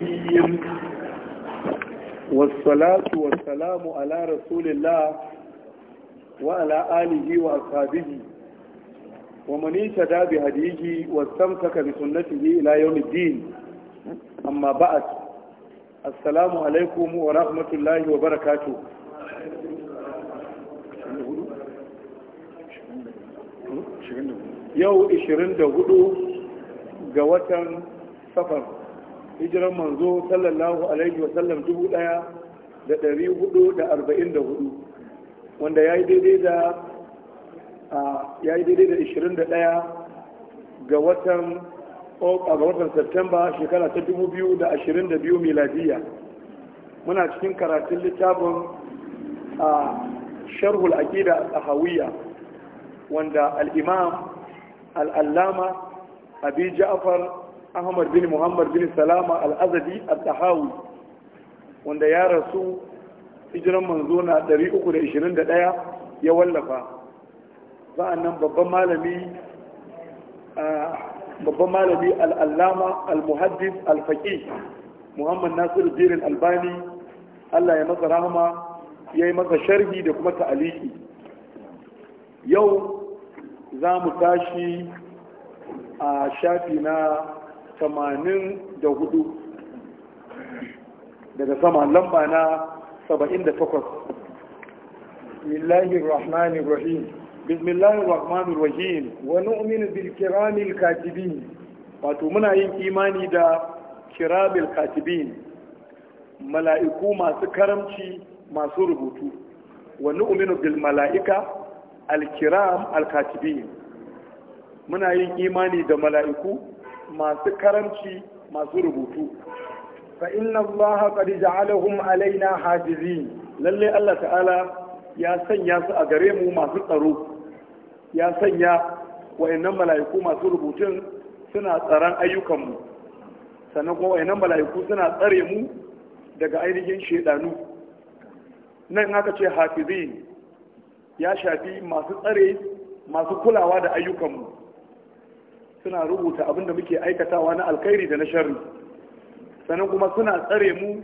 yin wasalatu wasalamu ala rasulillah wa ala alihi wa ashabihi wa manisha da bi hadiji wa samtaka bi sunnatihi ila yawmid din amma ba'd assalamu alaikum wa rahmatullahi wa barakatuh yau 24 ga watan safar hijiran manzo sallallahu alaihi wasallam dubu daya da dari hudu da arba'in da hudu wanda ya yi daidai da ya yi daidai da ishirin da daya ga watan a ga watan Satamba shekara ta dubu biyu da ashirin da biyu miladiya muna cikin karatun littafin a sharhul aqida ahawiyya wanda al-imam al-allama abi ja'far ahmad bin muhammad bin salama al-azadi al-tahawi wanda ya rasu hijiran manzo na 321 ya wallafa nan babban malami babban malami al-allama al-muhaddis al-faqih muhammad nasiru al albani allah ya masa rahama ya yi masa sharhi da kuma ta'aliki yau za mu tashi a shafi na tamanin da hudu daga sama lamba na saba'in da takwas bismillahir rahmanir rahim bismillahir rahmanir rahim wa nu'minu bil katibin wato muna yin imani da kiramil katibin mala'iku masu karamci masu rubutu Wani nu'minu bilmala'ika mala'ika alkatibin. muna yin imani da mala'iku masu karamci masu rubutu fa inna allaha qad ja'alahum alaina hafizin lalle Allah ta'ala ya sanya su a gare mu masu tsaro ya sanya wayannan mala'iku masu rubutun suna tsaron ayyukan mu sannan kuma wayannan mala'iku suna tsare mu daga ainihin shedanu nan aka ce hafizin ya shafi masu tsare masu kulawa da ayyukan mu suna rubuta abin da muke aikatawa na alkhairi da na sharri sannan kuma suna tsare mu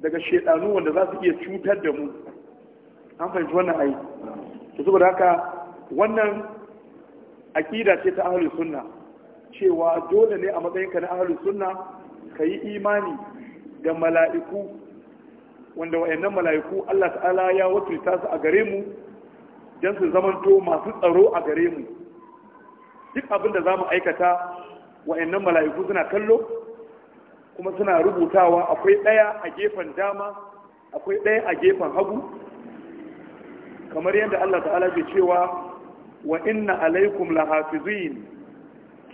daga shedanu wanda za su iya cutar da mu an fahimci wannan ai to saboda haka wannan aƙida ce ta ahlus sunna cewa dole ne a matsayin ka na ahlus sunna ka yi imani da mala'iku wanda wayannan mala'iku Allah ta'ala ya wakilta su a gare mu don su zamanto masu tsaro a gare mu duk abin da za mu aikata wa'annan mala'iku suna kallo kuma suna rubutawa akwai ɗaya a gefen dama akwai ɗaya a gefen hagu kamar yadda Allah ta'ala ke cewa wa'inna inna alaikum lahafizin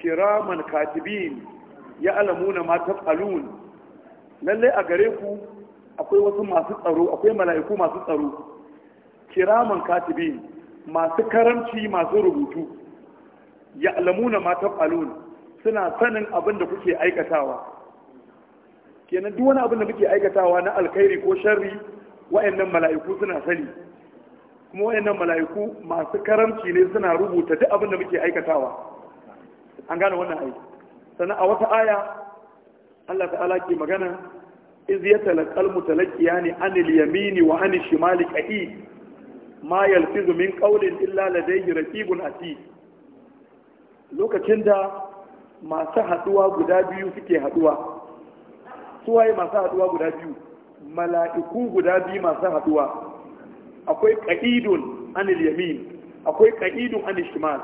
kiraman katibin ya alamuna ma taf'alun lalle a gare ku akwai wasu masu tsaro akwai mala'iku masu tsaro kiraman katibin masu karamci masu rubutu ya'lamuna ma taf'alun suna sanin abin da kuke aikatawa kenan duk wani abin da muke aikatawa na alkhairi ko sharri wa'annan mala'iku suna sani kuma wa'annan mala'iku masu karamci ne suna rubuta duk abin da muke aikatawa an gane wannan aiki sannan a wata aya Allah ta'ala ke magana iz yatalaqal mutalaqiyani anil yamini wa anil shimali qa'id ma yalfizu min qawlin illa ladayhi raqibun atid lokacin da masu haduwa guda biyu suke haduwa suwaye masu haduwa guda biyu mala'iku guda biyu masu haduwa akwai ka'idun anil yamin akwai ka'idun anil shimal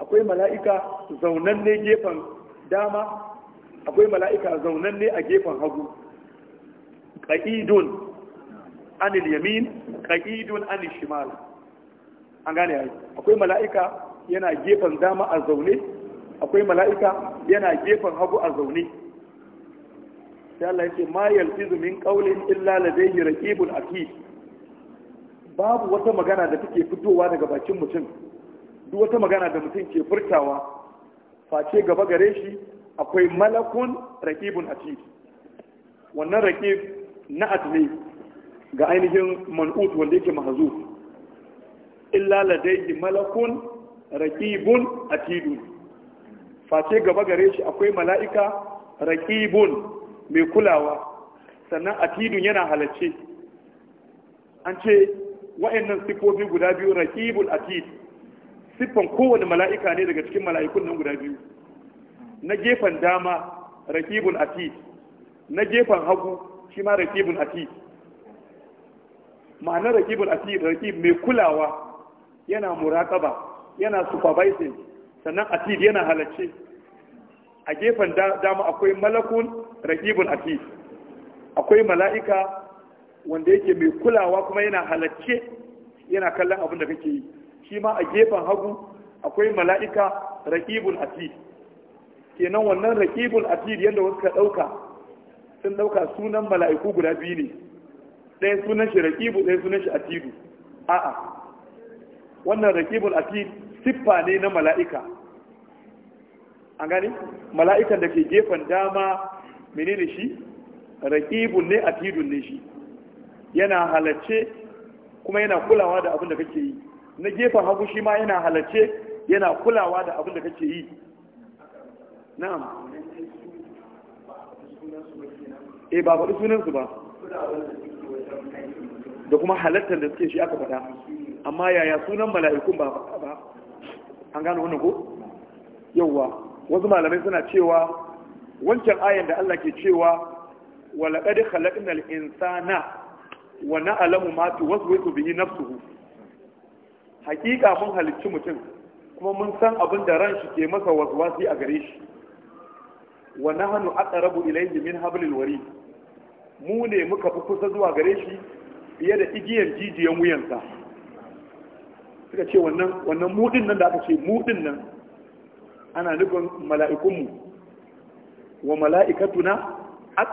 akwai mala'ika zaunanne gefen dama akwai mala'ika zaunanne a gefen hagu ka'idun anil yamin ka'idun anil shimal an gane yayi akwai mala'ika yana gefen dama a zaune akwai mala'ika yana gefen hagu a zaune sai Allah yake ma yalfizu min qawlin illa ladayhi raqibun akid babu wata magana da take fitowa daga bakin mutum duk wata magana da mutum ke furtawa face gaba gare shi akwai malakun raqibun akid wannan raqib na ne ga ainihin man'ut wanda yake mahzuf illa ladayhi malakun a atidun face gaba gare shi akwai mala'ika raƙibun mai kulawa sannan atidun yana halarci an ce wa'annan sifofi guda biyu a tidu siffan kowane mala'ika ne daga cikin mala'ikun nan guda biyu na gefen dama raqibul atid na gefen hagu shi ma raqibul atid ma'anar raqibul atid raqib mai kulawa yana muraƙaba yana supervising sannan atid yana halarci a gefen dama akwai malakun rakibun atid akwai mala'ika wanda yake mai kulawa kuma yana halarci yana kallon abin da kake yi shi ma a gefen hagu akwai mala'ika rakibun atid kenan wannan rakibul atid yadda wasu ka ɗauka sun ɗauka sunan mala'iku guda biyu ne ɗaya sunan shi rakibu ɗaya sunan shi atidu a'a wannan raqibul atid siffa ne na mala'ika an gani mala'ikan da ke gefen dama menene shi raqibun ne atidun ne shi yana halarce, kuma yana kulawa da abin da kake yi na gefen hagu shi ma yana halarce, yana kulawa da abin da kake yi na'am eh ba faɗi sunansu ba da kuma halattar da suke shi aka faɗa amma yaya sunan mala'ikun ba ba an gano wannan ko yawwa wasu malamai suna cewa wancan ayan da Allah ke cewa walaƙad khalaqnal insana wa na'lamu ma tuwaswisu bihi nafsuhu hakika mun halicci mutum kuma mun san abin da ran shi ke masa waswasi a gare shi wa nahnu aqrabu ilayhi min hablil wari mu ne muka fi kusa zuwa gare shi fiye da igiyar jijiyan wuyansa suka ce wannan mudin nan da aka ce mudin nan ana nufin mala'ikunmu wa mala'ikatuna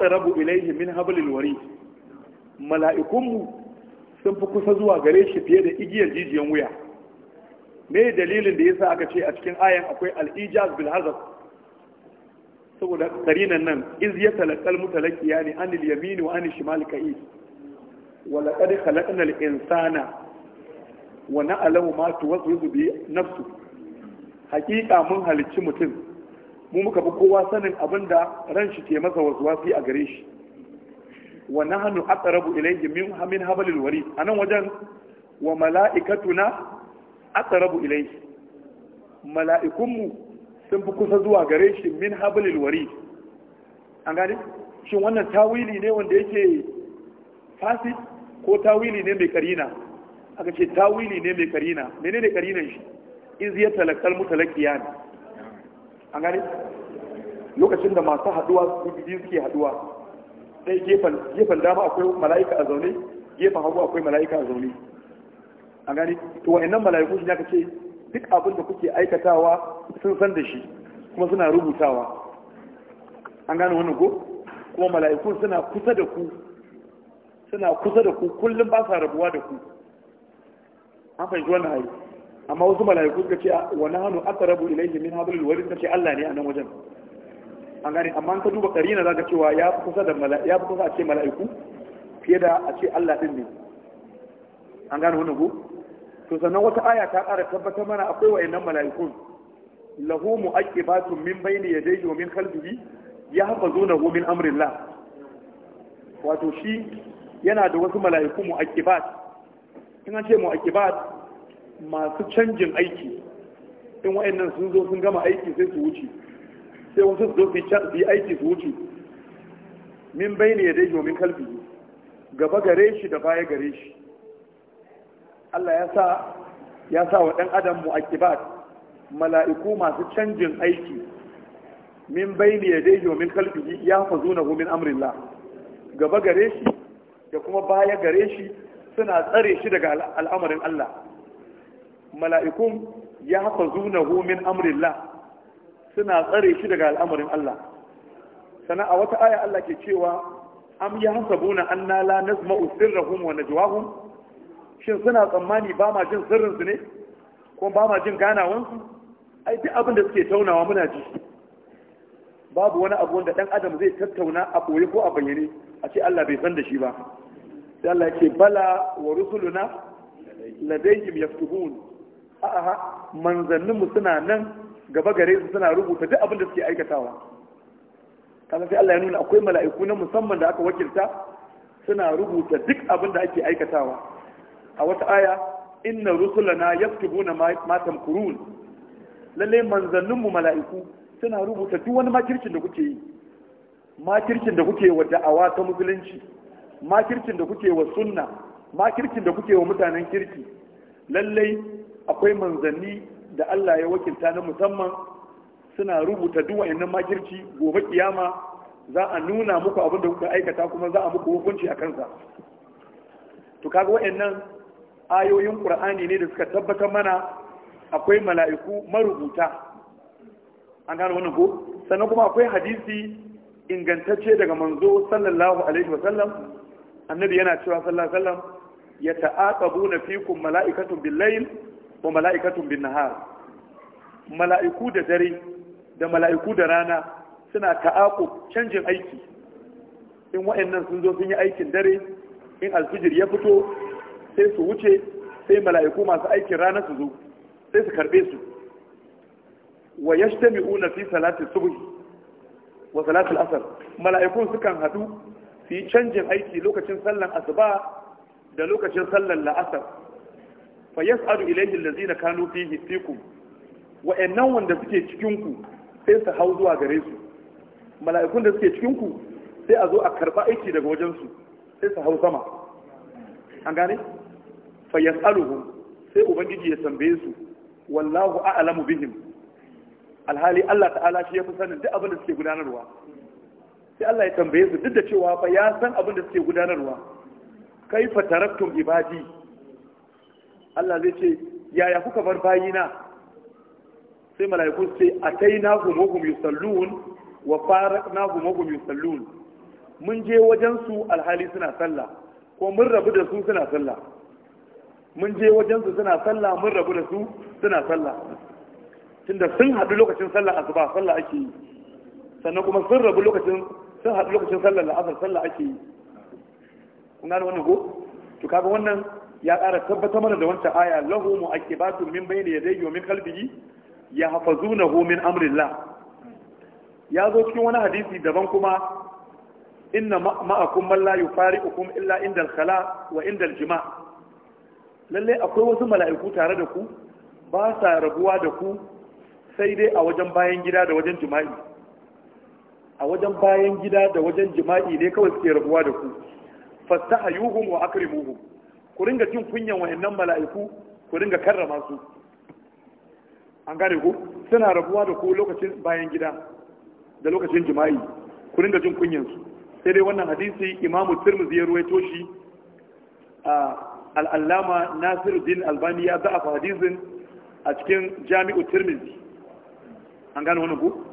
ilai ilaihi min hablil wari mala'ikunmu sun fi kusa zuwa gare shi fiye da igiyar jijiyan wuya me dalilin da ya sa aka ce a cikin ayan akwai al-ijaz bil hazab saboda karinan nan iz ya talaqal ya ne anil yamin wa anil shimali ka'i wa laqad insana wa na'lamu ma tuwaswisu bi nafsu hakika mun halicci mutum mu muka fi kowa sanin abinda da ran shi ke masa waswasi a gare shi wa nahnu aqrabu ilayhi min hamin hablil A anan wajen wa mala'ikatuna aqrabu ilayhi mala'ikunmu sun fi kusa zuwa gare shi min hablil wari. an gane shin wannan tawili ne wanda yake fasi ko tawili ne mai karina aka ce tawili ne mai karina menene karinan shi iz ya talakal ne. an gani lokacin da masu haduwa su biyu suke haduwa ɗaya gefen dama akwai mala'ika a zaune gefen hagu akwai mala'ika a zaune an gani to wa'annan mala'iku shi ne aka ce duk abin da kuke aikatawa sun san da shi kuma suna rubutawa an gane wannan ko kuma mala'ikun suna kusa da ku suna kusa da ku kullum ba sa rabuwa da ku an fahimci wannan hayi amma wasu mala'iku suka ce wa nahnu aqrabu ilayhi min hablil ta ce Allah ne a nan wajen an gani amma ka duba karina zaka cewa ya fi kusa da ya fi kusa a ce mala'iku fiye da a ce Allah din ne an gani wannan ko to sannan wata aya ta ƙara tabbatar mana akwai wa'annan mala'ikun lahu mu'aqibatun min bayni yadayhi wa min khalfihi yahfazunahu min amrillah wato shi yana da wasu mala'iku mu'aqibat ina ce mu akibat masu canjin aiki in wa'annan sun zo sun gama aiki sai su wuce sai wasu su zo su yi aiki su wuce min bai ne ya dai domin kalbi gaba gare shi da baya gare shi Allah ya sa ya sa wa ɗan adam mu akibat mala'iku masu canjin aiki min bai ne ya dai domin kalbi ya fazo na min amrillah gaba gare shi da kuma baya gare shi suna tsare shi daga al'amarin Allah mala'ikun ya hafa zuna min amrillah suna tsare shi daga al'amarin Allah sana a wata aya Allah ke cewa am ya hasabuna anna la nazma'u sirrahum wa najwahum shin suna tsammani ba ma jin sirrin su ne ko ba ma jin ai duk abin da suke taunawa muna ji babu wani abu wanda ɗan adam zai tattauna a ɓoye ko a bayyane a ce Allah bai san da shi ba sai Allah ce bala wa rusuluna ladayhim yaktubun a'a mu suna nan gaba gare su suna rubuta duk abin da suke aikatawa kana sai Allah ya nuna akwai mala'iku na musamman da aka wakilta suna rubuta duk abin da ake aikatawa a wata aya inna rusulana yaktubuna ma tamkurun lalle mu mala'iku suna rubuta duk wani makircin da kuke yi makircin da kuke wa da'awa ta musulunci makircin da kuke wa sunna makircin da kuke wa mutanen kirki lallai akwai manzanni da Allah ya wakilta na musamman suna rubuta duk wayannan makirci gobe kiyama za a nuna muku abin da kuka aikata kuma za a muku hukunci a kansa to kaga wayannan ayoyin qur'ani ne da suka tabbatar mana akwai mala'iku marubuta an gano wannan ko sannan kuma akwai hadisi ingantacce daga manzo sallallahu alaihi wasallam annabi yana cewa sallallahu alaihi wasallam ya ta'aqabuna fikum mala'ikatun bil layl wa mala'ikatun bin nahar mala'iku da dare da mala'iku da rana suna ta'aqub canjin aiki in wa'annan sun zo sun yi aikin dare in alfijir ya fito sai su wuce sai mala'iku masu aikin rana su zo sai su karbe su wa yajtami'una fi salati subhi wa salati al-asr mala'ikun sukan hadu su yi canjin aiki lokacin sallan asuba da lokacin sallan la'asar fa adu ilayhi allazina kanu fihi fikum wa'annan wanda suke cikin ku sai su hau zuwa gare su mala'ikun da suke cikin ku sai a zo a karba aiki daga wajen su sai su hau sama an gane fa yas'aluhum sai ubangiji ya tambaye su wallahu a'lamu bihim alhali Allah ta'ala shi ya fi sanin duk abin da suke gudanarwa sai Allah ya tambaye su duk da cewa fa ya san abin da suke gudanarwa kaifa taraktum ibadi Allah zai ce yaya kuka bar bayina sai mala'iku su ce ataina wa hum yusallun wa farakna wa hum yusallun mun je wajen su alhali suna sallah ko mun rabu da su suna sallah mun je wajen su suna sallah mun rabu da su suna sallah tunda sun haɗu lokacin sallah asuba sallah ake yi sannan kuma sun rabu lokacin sun haɗu lokacin sallar la'asar sallah ake yi kun gane wannan ko to kaga wannan ya ƙara tabbatar mana da wancan aya lahu mu'aqibatun min bayni ya wa min qalbihi yahfazunahu min amrillah ya zo cikin wani hadisi daban kuma inna ma'akum man la yufariqukum illa inda al-khala wa inda al-jima lalle akwai wasu mala'iku tare da ku ba sa rabuwa da ku sai dai a wajen bayan gida da wajen jima'i a wajen bayan gida da wajen jima'i ne kawai suke rabuwa da ku yuhun wa akari muhu. ku ringa jin kunyan wayannan mala'iku ku ringa karrama su an gane ku suna rabuwa da ku lokacin bayan gida da lokacin jima'i ku ringa jin kunyan su sai dai wannan hadisi imamu tirmidhi ya ruwaito shi a al'allama allama din albani ya za'afa hadisin a cikin jami'u tirmidhi an gane wannan ku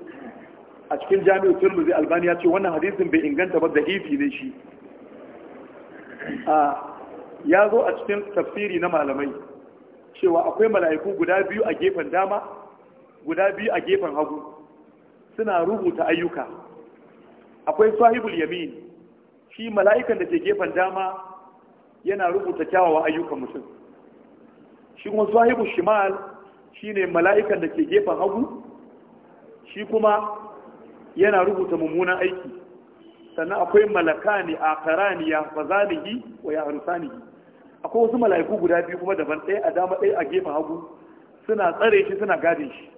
a cikin jami'ar turmuzi albani ya ce wannan hadisin bai inganta ba da da'ifi ne shi ya zo a cikin tafsiri na malamai cewa akwai mala'iku guda biyu a gefen dama guda biyu a gefen hagu suna rubuta ayyuka akwai sahibul yamin shi mala'ikan da ke gefen dama yana rubuta kyawawa ayyukan mutum shi kuma sahibul shimal shine mala'ikan da ke gefen hagu shi kuma yana rubuta mummunan aiki sannan akwai malaka malakani ne ya yi wa ya yi akwai wasu mala'iku guda biyu kuma daban ɗaya a dama ɗaya a gefen hagu suna tsare shi suna gadin shi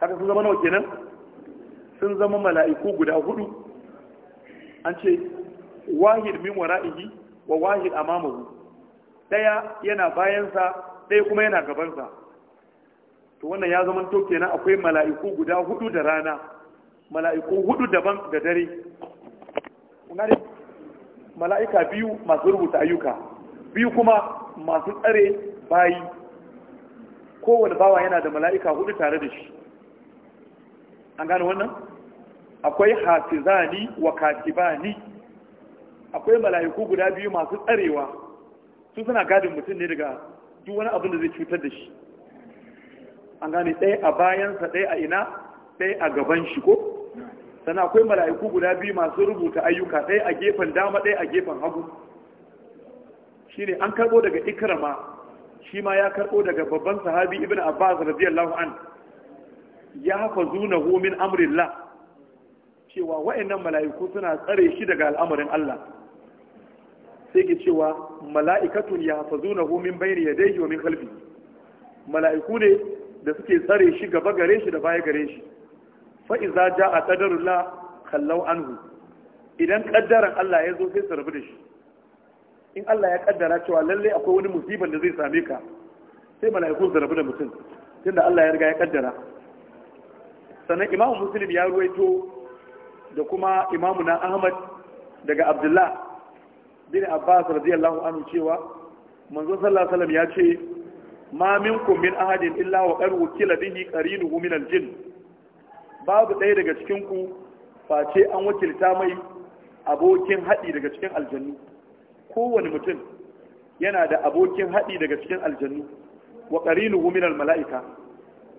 haka sun zama nawa kenan sun zama mala'iku guda hudu an ce wahid min wara'ihi wa wahid amamahu ɗaya yana bayansa ɗaya kuma yana gabansa to wannan ya zama to kenan akwai mala'iku guda hudu da rana mala'iku hudu daban da dare mala'ika biyu masu rubuta ayyuka biyu kuma masu tsare bayi kowane bawa yana da mala'ika hudu tare da shi an gane wannan akwai hafizani wa katibani akwai mala'iku guda biyu masu tsarewa su suna gadin mutum ne daga duk wani abin da zai cutar da shi an gane ɗaya a bayansa ɗaya a ina ɗaya a gaban shi ko Sana akwai mala'iku guda biyu masu rubuta ayyuka ɗaya a gefen dama ɗaya a gefen hagu Shi ne an karɓo daga ikrama shi ma ya karɓo daga babban sahabi ibn abbas radiyallahu an ya hafa zuna min amrillah cewa wa'annan mala'iku suna tsare shi daga al'amarin Allah sai ke cewa mala'ikatun ya fazu zuna homin bayani ya daiji wa min kalbi mala'iku ne da suke tsare shi gaba gare shi da baya gare shi fa'iza ja a la kallau anhu idan ƙaddaran Allah ya zo sai su rabu da shi in Allah ya ƙaddara cewa lallai akwai wani musibar da zai same ka sai mala'iku su rabu da mutum tunda Allah ya riga ya ƙaddara sannan imamu muslim ya ruwaito da kuma imamu na ahmad daga abdullah bin abbas radiyallahu anhu cewa manzo sallallahu alaihi wasallam ya ce ma minkum min ahadin illa wa qad wukila bihi qarinuhu min al-jinn babu ɗaya daga cikinku face an wakilta mai abokin haɗi daga cikin aljannu kowane mutum yana da abokin haɗi daga cikin aljannu wa ƙarinu huminar mala'ika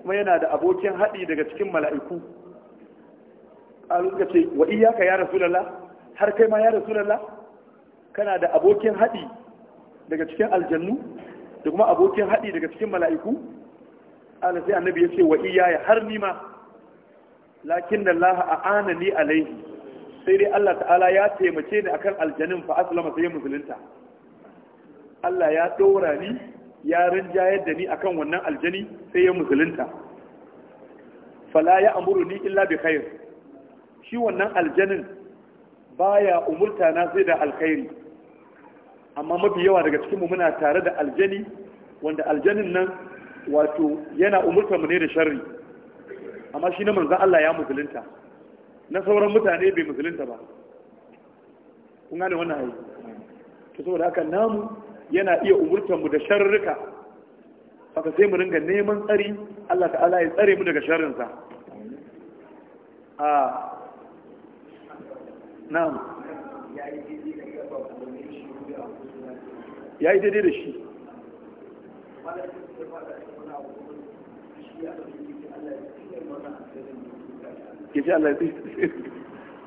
kuma yana da abokin haɗi daga cikin mala'iku a ce wa ka ya rasulullah har kai ma ya rasulullah kana da abokin haɗi daga cikin aljannu da kuma abokin haɗi daga cikin mala'iku a sai annabi ya ce wa iyaya har nima lakin da Allah ana ni alaihi sai dai Allah ta'ala ya taimake ni akan aljanin fa aslama sai musulunta Allah ya dora ni ya rinjayar da ni akan wannan aljani sai ya musulunta fala ya amuru ni illa bi khair shi wannan aljanin baya umurta na sai da alkhairi amma mafi yawa daga cikin mu muna tare da aljani wanda aljanin nan wato yana umurta mu ne da sharri amma shi na manzan Allah ya musulunta na sauran mutane bai musulunta ba kun gane wannan hayi to saboda haka namu yana iya umurtar mu da sharrika haka sai mu ringa neman tsari Allah ta'ala ya tsare mu daga sharrin sa a ah. na'am yayi daidai da shi ya Allah ya tsiri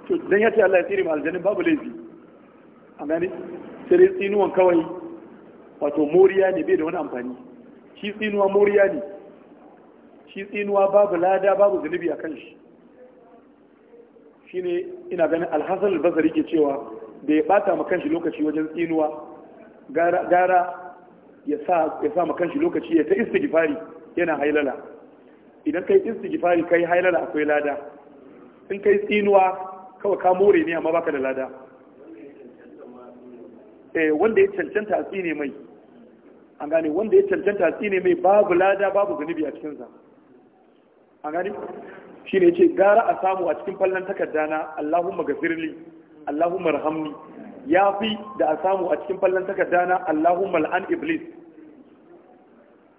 to dan ya ce Allah ya tsiri ma aljanin babu laifi a gani sai dai tsinuwan kawai wato moriya ne bai da wani amfani shi tsinuwa moriya ne shi tsinuwa babu lada babu zunubi a kan shi shine ina ganin alhassan albazari ke cewa da ya bata ma kanshi lokaci wajen tsinuwa gara ya sa ma kanshi lokaci ya ta istighfari yana hailala idan kai istighfari kai hailar akwai lada in kai tsinuwa kawai ka more ne amma baka da lada eh wanda ya cancanta a tsine mai an gane wanda ya cancanta a tsine mai babu lada babu zunubi a cikinsa an gane shi ne ce gara a samu a cikin fallon takarda na Allahumma gafirli Allahumma rahamni ya fi da a samu a cikin fallon takarda na Allahumma al'an iblis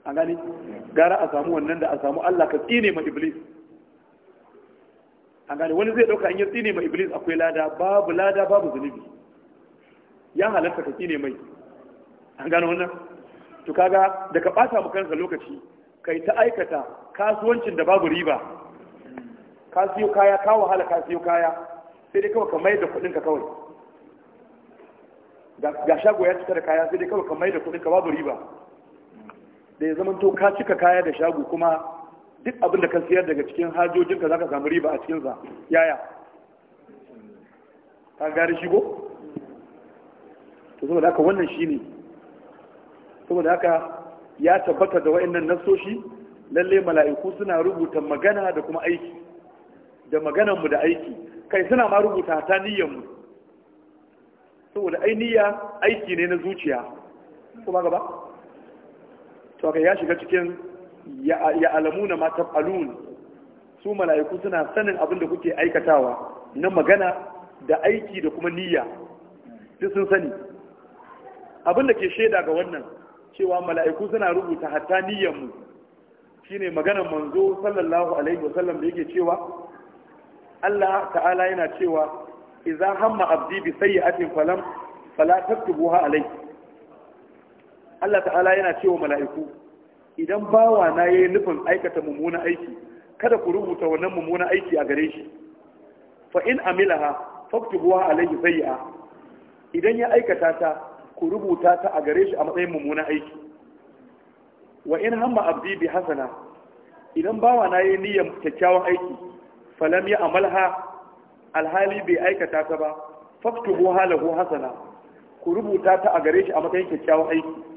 a gani gara a samu wannan da a samu Allah ka tsine ma iblis a gani wani zai dauka hanyar tsine ma iblis akwai lada babu lada babu zunubi ya halatta ka tsine mai a gani wannan to kaga da ka bata mu kansa lokaci kai ta aikata kasuwancin da babu riba ka siyo kaya ka wahala ka siyo kaya sai dai kawai ka mai da kuɗin ka kawai ga shago ya cika da kaya sai dai kawai ka mai da kuɗin ka babu riba da ya zama to ka cika kaya da shago kuma duk abin da ka siyar daga cikin hajojinka za ka samu riba a cikinsa yaya ka gari shigo? to saboda haka wannan shi ne saboda haka ya tabbata da wa'annan nasoshi lalle mala'iku suna rubuta magana da kuma aiki da maganarmu da aiki kai suna ma rubuta ta mu. saboda ainiya aiki ne na zuciya kuma gaba to ya shiga cikin ya alamuna ma taf'alun su mala'iku suna sanin abin da kuke aikatawa na magana da aiki da kuma niyya duk sun sani abin da ke shaida ga wannan cewa mala'iku suna rubuta hatta niyyar mu shine maganar manzo sallallahu alaihi wasallam da yake cewa Allah ta'ala yana cewa idza hamma abdi bi sayyi'atin falam fala taktubuha alayhi Allah ta'ala yana cewa mala'iku idan bawa na yayi nufin aikata mummunan aiki kada ku rubuta wannan mummunan aiki a gare shi fa in amilaha faktubuha alayhi sayyi'a idan ya aikata ta ku rubuta ta a gare shi a matsayin mummunan aiki wa in hamma abdi bi hasana idan bawa na yayi niyyar kyakkyawan aiki falam ya amalha alhali bai aikata ta ba faktubuha lahu hasana ku rubuta ta a gare shi a matsayin kyakkyawan aiki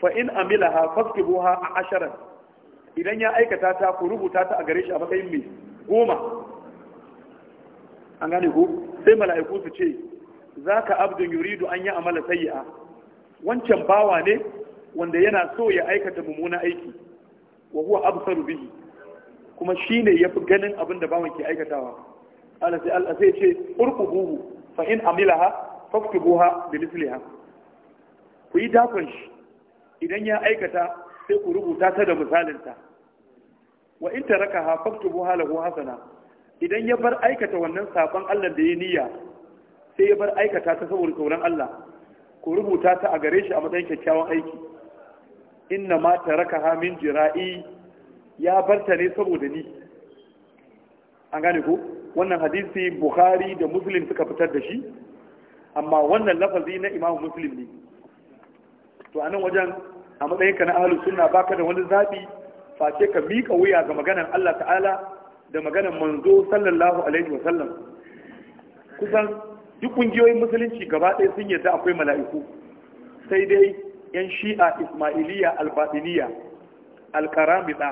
fa in amilaha fasqibuha a asharan idan ya aikata ta ku rubuta ta a gare shi a matsayin mai goma an gane ku sai mala'iku su ce za ka abdun yuridu an yi amala sayi'a wancan bawa ne wanda yana so ya aikata mummuna aiki wa huwa absaru bihi kuma shi ne ya fi ganin abin da bawan ke aikatawa Allah sai sai ce urqubuhu fa in amilaha faktubuha bi ku yi dakon shi idan ya aikata sai ku rubuta ta da misalinta wa in taraka ha faktubu halahu hasana idan ya bar aikata wannan sabon Allah da ya niyya sai ya bar aikata ta saboda tauran Allah ku rubuta ta a gare shi a matsayin kyakkyawan aiki inna ma taraka raka min jira'i ya bar ne saboda ni an gane ko wannan hadisi Bukhari da Muslim suka fitar da shi amma wannan lafazi na imamu Muslim ne to a nan wajen a matsayin ka na ahlus sunna baka da wani zabi face ka mika wuya ga maganar Allah ta'ala da maganar manzo sallallahu alaihi wasallam kusan duk kungiyoyin musulunci gaba ɗaya sun yadda akwai mala'iku sai dai yan shi'a ismailiya albatiniya alkaramida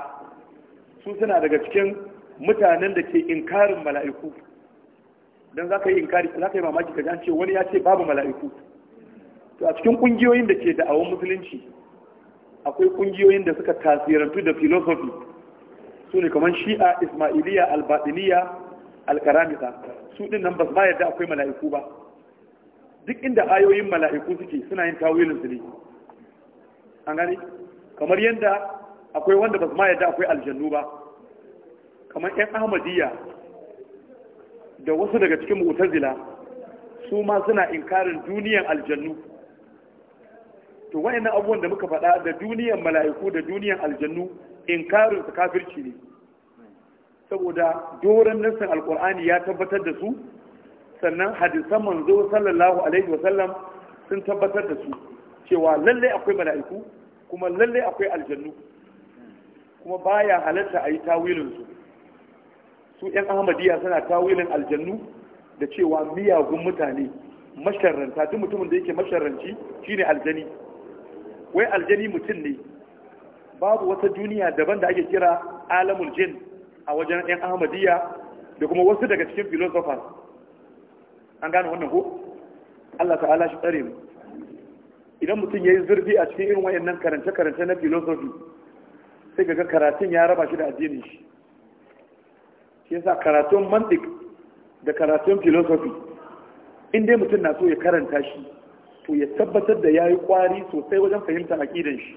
su suna daga cikin mutanen da ke inkarin mala'iku don za ka yi inkari za ka yi mamaki ka ce wani ya ce babu mala'iku to a cikin kungiyoyin da ke da'awun musulunci akwai kungiyoyin da suka tasirantu da philosophy su ne kamar shi'a ismailiya albaɗiniya alkaramita su ɗin nan ba su ma yarda akwai mala'iku ba duk inda ayoyin mala'iku suke suna yin tawilin su ne an gani kamar yadda akwai wanda ba su ma yarda akwai aljannu ba kamar yan ahmadiyya da wasu daga cikin mu'tazila su ma suna inkarin duniyan aljannu to wayannan abubuwan da muka faɗa da duniyan mala'iku da duniyan aljannu inkarin su kafirci ne saboda doron nassin alkur'ani ya tabbatar da su sannan hadisan manzo sallallahu alaihi wasallam sun tabbatar da su cewa lallai akwai mala'iku kuma lallai akwai aljannu kuma baya halatta a yi tawilin su su yan ahmadiyya suna tawilin aljannu da cewa miyagun mutane masharranta duk mutumin da yake masharranci shine aljani wai aljani mutum ne babu wata duniya daban da ake kira alamul jin a wajen yan ahmadiyya da kuma wasu daga cikin philosophers an gane wannan ko Allah ta'ala shi tsare mu idan mutum yayi zurfi a cikin irin wayannan karance-karance na philosophy sai ga karatun ya raba shi da addinin shi shi yasa karatun mantik da karatun philosophy in dai mutum na so ya karanta shi to ya tabbatar da ya yi kwari sosai wajen fahimtar ƙidan shi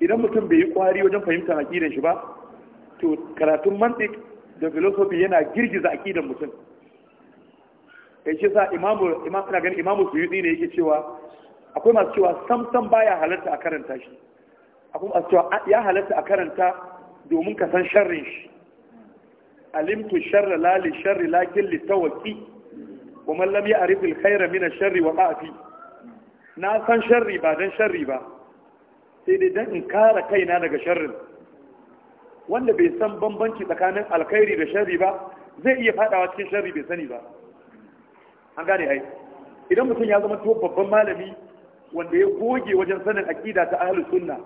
idan mutum bai yi kwari wajen fahimtar ƙidan shi ba to karatun mantik da filosofi yana girgiza ƙidan mutum kai ce sa imamu imam ina ganin imamu ne yake cewa akwai masu cewa sam sam baya halarta a karanta shi akwai masu cewa ya halarta a karanta domin ka san sharrin shi alimtu sharra la lakin li wa man lam ya'rif al-khayra min ash-sharri wa qafi na san sharri ba dan sharri ba sai dai dan in kare kaina daga sharrin wanda bai san bambanci tsakanin alkhairi da sharri ba zai iya fadawa cikin sharri bai sani ba an gane ai idan mutum ya zama to babban malami wanda ya goge wajen sanin aqida ta ahlus sunna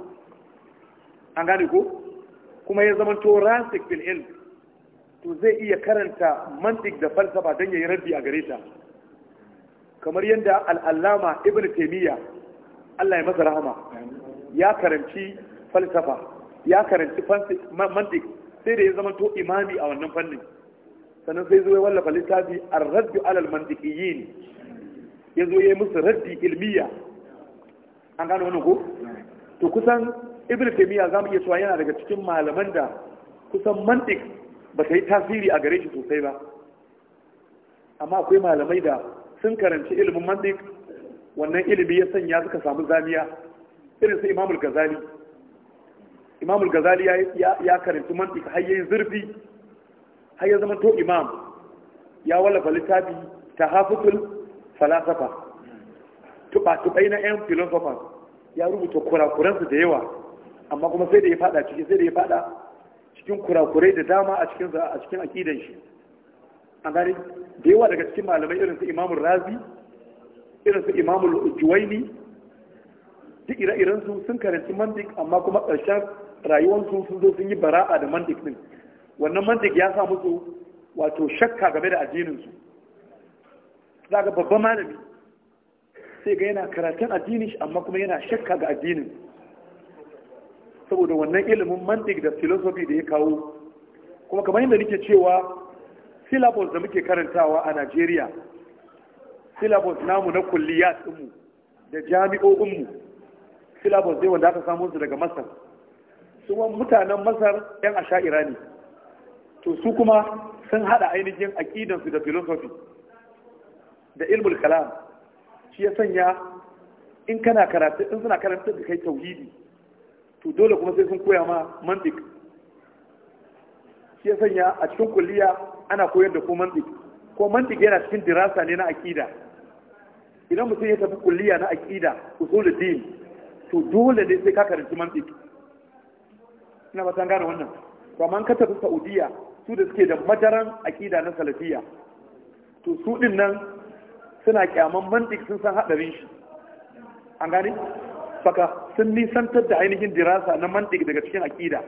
an gane ko kuma ya zama to rasik fil ilm to zai iya karanta mantik da falsafa don ya yi raddi a gare ta kamar yadda al'allama ibn taimiyya allah ya masa rahama ya karanci falsafa ya karanci mantik sai da ya zama to imami a wannan fannin sannan sai zai wallafa littafi ar-raddu alal mantiqiyyin ya zo ya yi musu raddi ilmiya an gano wani ko to kusan ibn taimiyya za mu iya cewa yana daga cikin malaman da kusan mantik ba ta yi tasiri a gare shi sosai ba amma akwai malamai da sun karanci ilimin mantik wannan ilimi ya sanya suka samu zamiya irin su imamul gazali imamul gazali ya karanci mantik har yayi zurfi har ya zama imam ya wallafa littafi ta hafitul falasafa tuba tuɓai na 'yan filosofa ya rubuta kurakuransu da yawa amma kuma sai da ya fada ciki sai da ya fada cikin kurakurai da dama a cikin a cikin akidan shi an gani da yawa daga cikin malamai irin su Imam Razi irin su Imam Juwaini duk ire-iren su sun karanci mantik amma kuma ƙarshen rayuwarsu sun zo sun yi bara'a da mantik din wannan mantik ya sa musu wato shakka game da addinin su za babban malami sai ga yana karatun addinin shi amma kuma yana shakka ga addinin saboda wannan ilimin mantik da philosophy da ya kawo kuma kamar yadda nake cewa syllabus da muke karantawa a Najeriya syllabus namu na kulliyat mu da jami'o'inmu syllabus dai wanda aka samu su daga Masar su mutanen Masar yan asha'ira ne to su kuma sun hada ainihin akidansu da philosophy da ilmul kalam shi ya sanya in kana karatu in suna karanta da kai tauhidi to dole kuma sai sun koya ma mantik shi ya sanya a cikin kulliya ana koyar da ko mantik ko mantik yana cikin dirasa ne na akida idan mutum ya tafi kulliya na akida usul din to dole ne sai ka karanci mantik ina ba san gane wannan to amma ka tafi saudiya su da suke da madaran akida na salafiya to su din nan suna kyaman mantik sun san hadarin shi an gane faka sun nisantar da ainihin dirasa na mantik daga cikin aƙida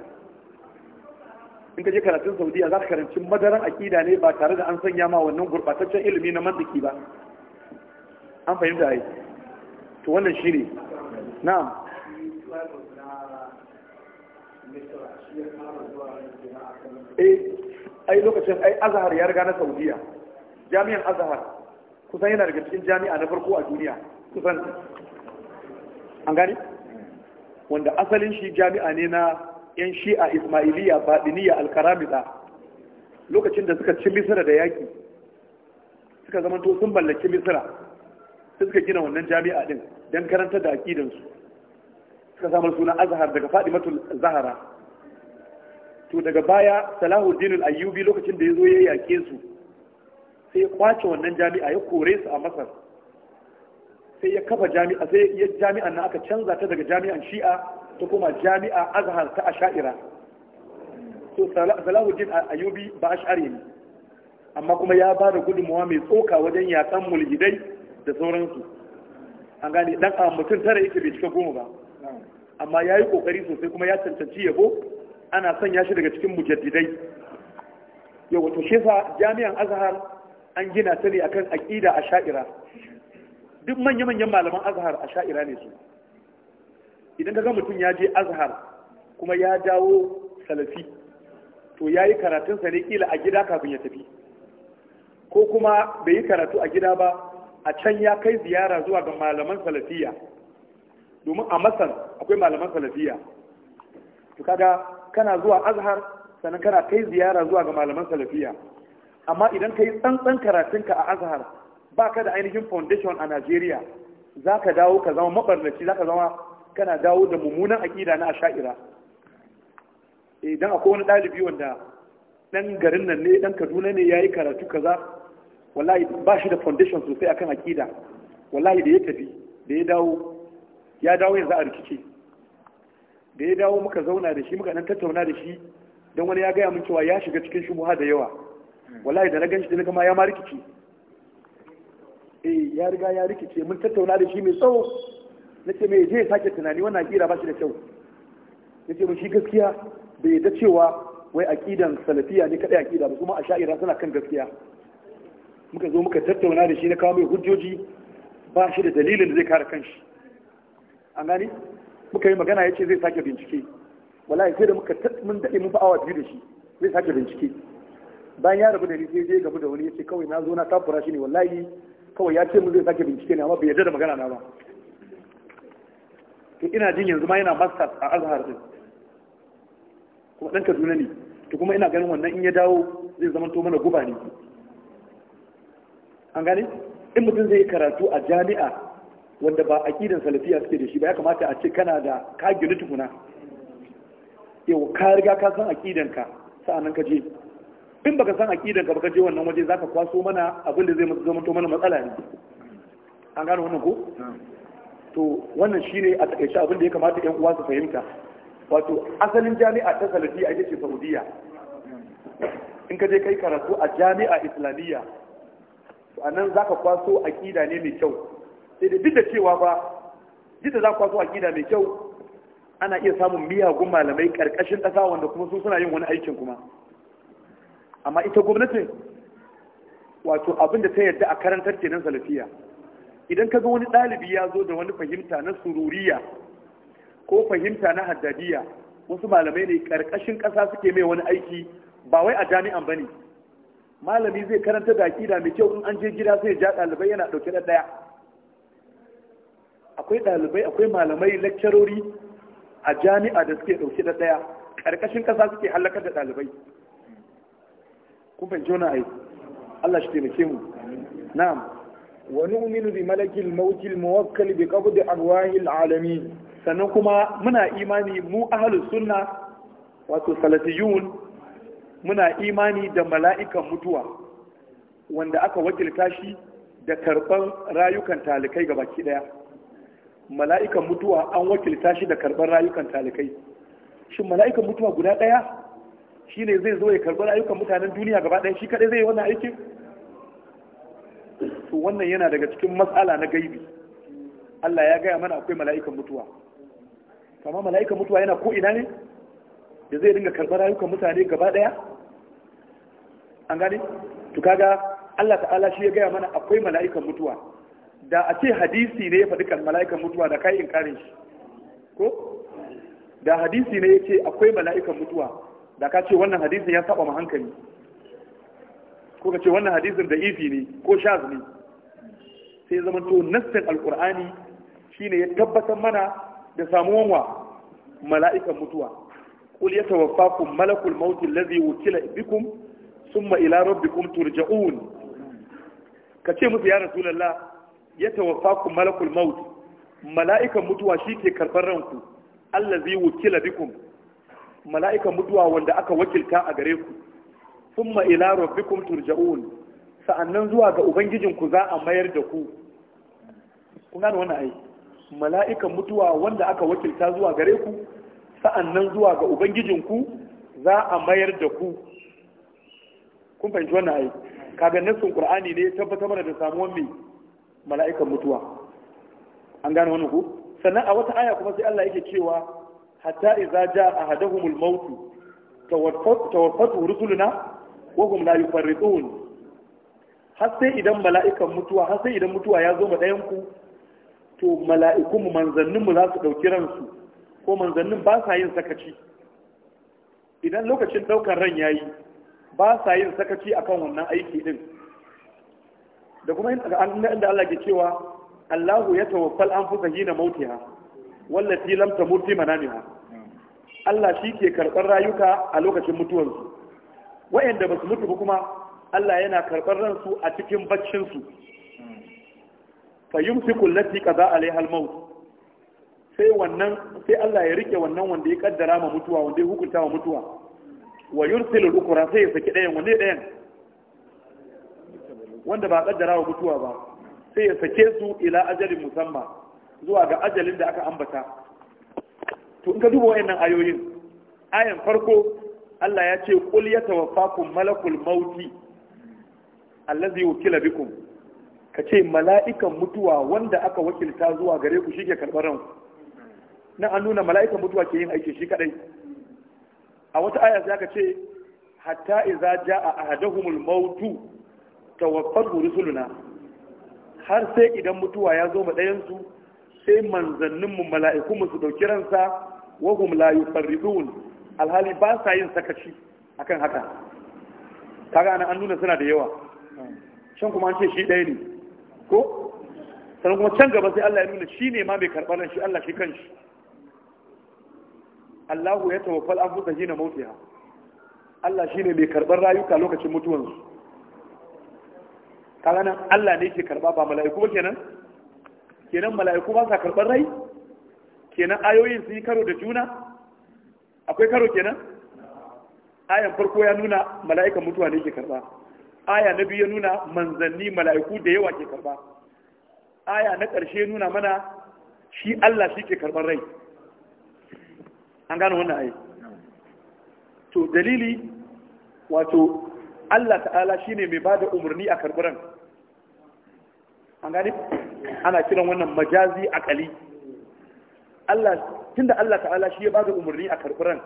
in ka je karatun saudiya za ka karanci madaran aƙida ne ba tare da an sanya ma wannan gurbataccen ilimi na mantiki ba an fahimta ai to wannan shi ne na'am eh ai lokacin ai azhar ya riga na saudiya jami'an azhar kusan yana daga cikin jami'a na farko a duniya kusan an gani wanda asalin shi jami'a ne na yan shi'a ismailiya baɗiniya alkaramida lokacin da suka ci misira da yaki suka to sun mallaki misira suka gina wannan jami'a din don karanta da aƙidansu suka samar suna azhar daga fadimatul zahara to daga baya salahuddin ayyubi lokacin da ya zo ya yake su sai ya kwace wannan jami'a ya kore su a masar sai ya kafa jami'a sai ya jami'an na aka canza ta daga jami'an shi'a ta kuma jami'a azhar ta asha'ira to salahuddin ayubi ba ash'ari ne amma kuma ya ba da gudunmawa mai tsoka wajen yatsan mulhidai da sauransu an gane dan a mutum tara yake bai cika goma ba amma ya yi kokari sosai kuma ya cancanci yabo ana sanya shi daga cikin mujaddidai yau wato shefa jami'an azhar an gina ta ne akan aqida asha'ira duk manya-manyan malaman azhar a sha'ira ne su idan ka ga mutum ya je azhar kuma ya dawo salafi to ya yi karatunsa ne kila a gida kafin ya tafi ko kuma bai yi karatu a gida ba a can ya kai ziyara zuwa ga malaman salafiya domin a masar akwai malaman salafiya to kaga kana zuwa azhar sannan kana kai ziyara zuwa ga malaman salafiya amma idan ka yi tsantsan karatunka a azhar ba ka da ainihin foundation a Najeriya za ka dawo ka zama mabarnaci za ka zama kana dawo da mummunan aƙida na asha'ira idan eh, akwai wani ɗalibi wanda ɗan garin nan ne ɗan kaduna ne ya yi karatu kaza wallahi ba shi da foundation sosai akan aƙida wallahi da ya tafi da ya dawo ya dawo yanzu a rikici da ya dawo muka zauna da shi muka ɗan tattauna da shi don wani ya gaya min cewa ya shiga cikin shubuha da yawa wallahi da na gan shi da na gama ya ma rikici eh ya riga ya rikice mun tattauna da shi mai tsawo na ce mai je sake tunani wannan aƙida ba shi da kyau ya ce shi gaskiya bai yadda cewa wai aƙidan salafiya ne kaɗai aƙida ba kuma a sha'ira suna kan gaskiya muka zo muka tattauna da shi na kawo mai hujjoji ba shi da dalilin da zai kare kanshi an gani muka yi magana ya ce zai sake bincike wallahi sai da muka mun daɗe mun awa biyu da shi zai sake bincike bayan ya rabu da ni sai zai gabu da wani ya ce kawai na zo na tafura shi ne wallahi kawai ya ce mu zai sake bincike ne amma bai yarda da magana na ba to ina jin yanzu ma yana masters a azhar din kuma dan kaduna ne to kuma ina ganin wannan in ya dawo zai zama to mana guba ne an gane in mutum zai yi karatu a jami'a wanda ba aqidan salafiya suke da shi ba ya kamata a ce kana da ka gina tukuna yau ka riga ka san aqidan ka sa'annan ka je in baka san aqidan ka baka je wannan waje zaka kwaso mana abin da zai zama to mana matsala ne an gano wannan ko to wannan shine a takaice abin da ya kamata ƴan uwa su fahimta wato asalin jami'a ta salafi a ce saudiya in ka je kai karatu a jami'a islamiyya to anan zaka kwaso aƙida ne mai kyau sai da duk da cewa ba duk da za ku kwaso aƙida mai kyau ana iya samun miyagun malamai karkashin ƙasa wanda kuma su suna yin wani aikin kuma amma ita gwamnatin wato abin da ta yarda a karantar kenan salafiya idan ka ga wani ɗalibi ya zo da wani fahimta na sururiya ko fahimta na haddadiya wasu malamai ne ƙarƙashin ƙasa suke mai wani aiki ba wai a jami'an ba ne malami zai karanta da aƙida mai kyau in an je gida sai ja ɗalibai yana ɗauke da ɗaya akwai ɗalibai akwai malamai lakcarori a jami'a da suke ɗauke da ɗaya ƙarƙashin ƙasa suke hallakar da ɗalibai kun fahimci wani aiki. Allah shi taimake mu na'am Wani nu'minu bi malakil mawtil muwakkal bi qabdi arwahil alami sannan kuma muna imani mu ahlus sunna wato salatiyun muna imani da mala'ikan mutuwa wanda aka wakilta shi da karban rayukan talikai baki daya mala'ikan mutuwa an wakilta shi da karban rayukan talikai shin mala'ikan mutuwa guda ɗaya? Shi ne zai zo ya karɓi ayyukan mutanen duniya gaba ɗaya shi kaɗai zai yi wannan aikin to wannan yana daga cikin matsala na gaibi Allah ya gaya mana akwai mala'ikan mutuwa kama mala'ikan mutuwa yana ko ina ne da zai dinga karɓar ayyukan mutane gaba ɗaya an gane to kaga Allah ta'ala shi ya gaya mana akwai mala'ikan mutuwa da a ce hadisi ne ya faɗi kan mala'ikan mutuwa da kai inkarin shi ko da hadisi ne ya ce akwai mala'ikan mutuwa da ka ce wannan hadisin ya saba ma hankali ko ka ce wannan hadisin da ifi ne ko shaz ne sai zama to nassin alkur'ani shine ya tabbatar mana da samuwan wa mala'ikan mutuwa qul ku, malakul maut allazi wukila bikum thumma ila rabbikum turja'un ka ce musu ya rasulullah ku malakul maut mala'ikan mutuwa shi ke karɓar ranku allazi wukila bikum mala'ikan mutuwa wanda aka wakilta a gare ku thumma ila rabbikum turja'un sa'annan zuwa ga ubangijinku za a mayar da ku kun gane wannan ai mala'ikan mutuwa wanda aka wakilta zuwa gare ku sa'annan zuwa ga ubangijinku za a mayar da ku kun fahimci wannan ai kaga nassun qur'ani ne tabbatar mana da samuwan mai mala'ikan mutuwa an gane wannan ku sannan a wata aya kuma sai Allah yake cewa hatta idza jaa ahaduhumul maut tawaffatu tawaffatu rusuluna wa hum la yufarriqun har sai idan mala'ikan mutuwa har sai idan mutuwa ya zo ma ɗayan ku to mala'ikun manzanninmu za su ɗauki ransu ko manzannin ba sa yin sakaci idan lokacin ɗaukar ran ya yi, ba sa yin sakaci akan wannan aiki din da kuma inda Allah ke cewa Allahu ya tawaffal anfusa hina mautiha wallati lam tamut fi manamiha Allah shi ke karɓar rayuka a lokacin mutuwarsu wa'anda ba su mutu ba kuma Allah yana karɓar ransu a cikin baccinsu fa yumsiku allati qada alaiha al-maut sai wannan sai Allah ya rike wannan wanda ya kaddara ma mutuwa wanda ya hukunta ma mutuwa wa yursilu al-ukra sai ya saki dayan wanda dayan wanda ba kaddara wa mutuwa ba sai ya sake su ila ajalin musamma zuwa ga ajalin da aka ambata to in ka duba wayannan ayoyin ayan farko Allah ya ce qul yatawaffakum malakul mauti allazi wukila bikum ka mala'ikan mutuwa wanda aka wakilta zuwa gare ku shike karɓar ranku na an nuna mala'ikan mutuwa ke yin aiki shi kadai a wata aya sai aka ce hatta idza jaa ahaduhumul mautu tawaffatu rusuluna har sai idan mutuwa ya zo ma ɗayansu sai manzanninmu mala'ikunmu su ɗauki ransa wahum la yufarridun alhali ba sa yin sakaci akan haka kaga ana an nuna suna da yawa can kuma an ce shi ɗaya ne ko sannan kuma can gaba sai Allah ya nuna shi ne ma mai karɓar shi Allah shi kanshi Allahu ya tawaffal an fusa hina mautiya Allah shi ne mai karɓar rayuka lokacin mutuwansu kaga nan Allah ne ke karɓa ba mala'iku ba kenan kenan mala'iku ba sa karɓar rai kenan ayoyin sun yi karo da juna akwai karo kenan ayan farko ya nuna mala'ikan mutuwa ne ke karɓa aya na biyu ya nuna manzanni mala'iku da yawa ke karɓa aya na ƙarshe nuna mana shi Allah shi ke karɓar rai an gano wannan ayi to dalili wato Allah ta'ala shi ne mai bada umarni a karɓar an gane. ana kiran wannan majazi akali Allah tunda Allah ta'ala shi ya bada umarni a karfuran